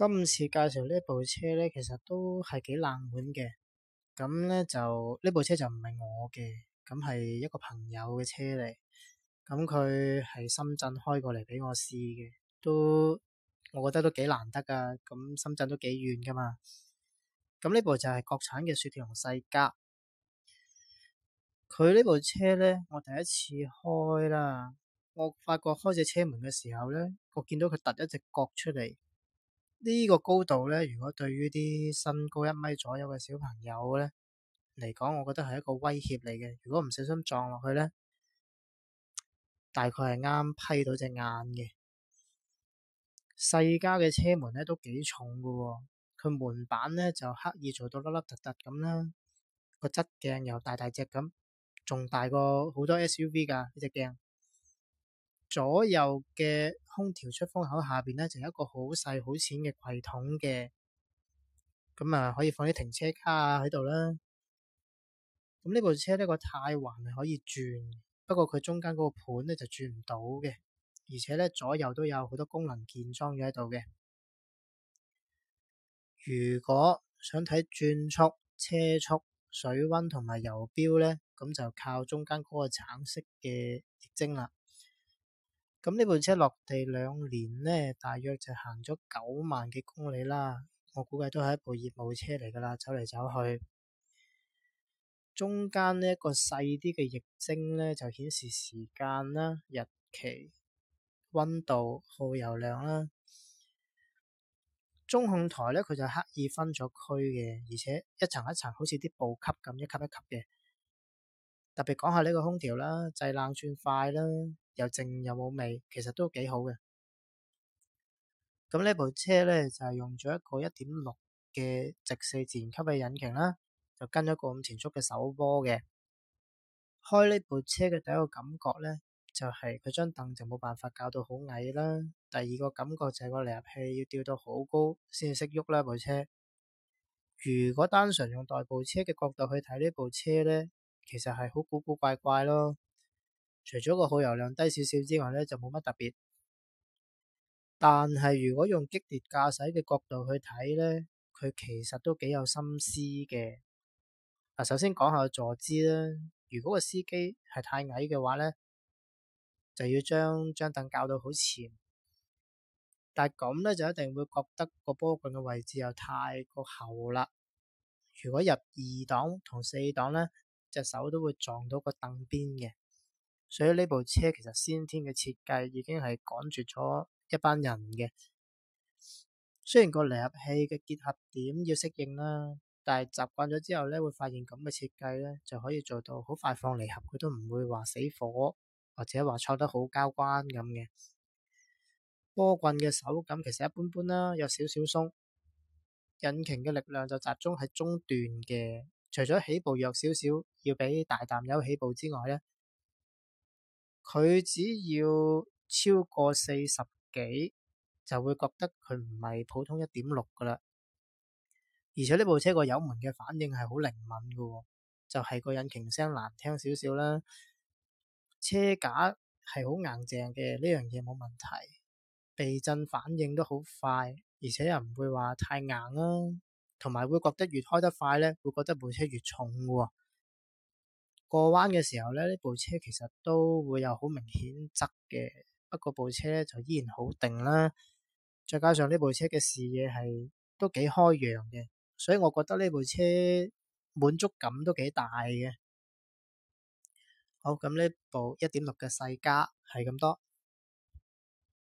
今次介紹呢部車咧，其實都係幾冷門嘅。咁咧就呢部車就唔係我嘅，咁係一個朋友嘅車嚟。咁佢係深圳開過嚟俾我試嘅，都我覺得都幾難得噶。咁深圳都幾遠噶嘛。咁呢部就係國產嘅雪鐵龍世嘉。佢呢部車咧，我第一次開啦。我發覺開隻車門嘅時候咧，我見到佢突一隻角出嚟。呢個高度呢，如果對於啲身高一米左右嘅小朋友呢，嚟講，我覺得係一個威脅嚟嘅。如果唔小心撞落去呢，大概係啱批到隻眼嘅。世嘉嘅車門呢都幾重噶哦，佢門板呢就刻意做到凹凹凸凸咁啦。個側鏡又大大隻咁，仲大過好多 SUV 噶呢隻鏡。左右嘅空調出風口下邊呢，就有一個好細好淺嘅櫃桶嘅，咁啊可以放啲停車卡啊喺度啦。咁呢部車呢個太環係可以轉，不過佢中間嗰個盤呢就轉唔到嘅，而且呢，左右都有好多功能鍵裝咗喺度嘅。如果想睇轉速、車速、水溫同埋油標呢，咁就靠中間嗰個橙色嘅液晶啦。咁呢部車落地兩年呢，大約就行咗九萬幾公里啦。我估計都係一部業務車嚟噶啦，走嚟走去。中間呢一個細啲嘅液晶呢，就顯示時間啦、日期、温度、耗油量啦。中控台呢，佢就刻意分咗區嘅，而且一層一層，好似啲布級咁，一級一級嘅。特別講下呢個空調啦，製冷算快啦。又靜又冇味，其實都幾好嘅。咁呢部車呢，就係用咗一個一點六嘅直四自然吸氣引擎啦，就跟咗個五前速嘅手波嘅。開呢部車嘅第一個感覺呢，就係佢張凳就冇辦法搞到好矮啦。第二個感覺就係個離合器要吊到好高先至識喐啦，部車。如果單純用代步車嘅角度去睇呢部車呢，其實係好古古怪怪咯。除咗個耗油量低少少之外呢，就冇乜特別。但係如果用激烈駕駛嘅角度去睇呢，佢其實都幾有心思嘅。嗱，首先講下坐姿啦。如果個司機係太矮嘅話呢，就要將張凳較到好前。但係咁呢，就一定會覺得個波棍嘅位置又太過後啦。如果入二檔同四檔呢，隻手都會撞到個凳邊嘅。所以呢部車其實先天嘅設計已經係趕絕咗一班人嘅。雖然個離合器嘅結合點要適應啦、啊，但係習慣咗之後呢，會發現咁嘅設計呢，就可以做到好快放離合，佢都唔會話死火或者話錯得好交關咁嘅。波棍嘅手感其實一般般啦，有少少鬆。引擎嘅力量就集中喺中段嘅，除咗起步弱少少要俾大啖油起步之外呢。佢只要超過四十幾，就會覺得佢唔係普通一點六噶啦。而且呢部車個油門嘅反應係好靈敏噶喎，就係個引擎聲難聽少少啦。車架係好硬淨嘅，呢樣嘢冇問題。避震反應都好快，而且又唔會話太硬啦。同埋會覺得越開得快呢，會覺得部車越重噶喎。過彎嘅時候咧，呢部車其實都會有好明顯側嘅，不過部車就依然好定啦。再加上呢部車嘅視野係都幾開揚嘅，所以我覺得呢部車滿足感都幾大嘅。好，咁呢部一點六嘅世嘉係咁多。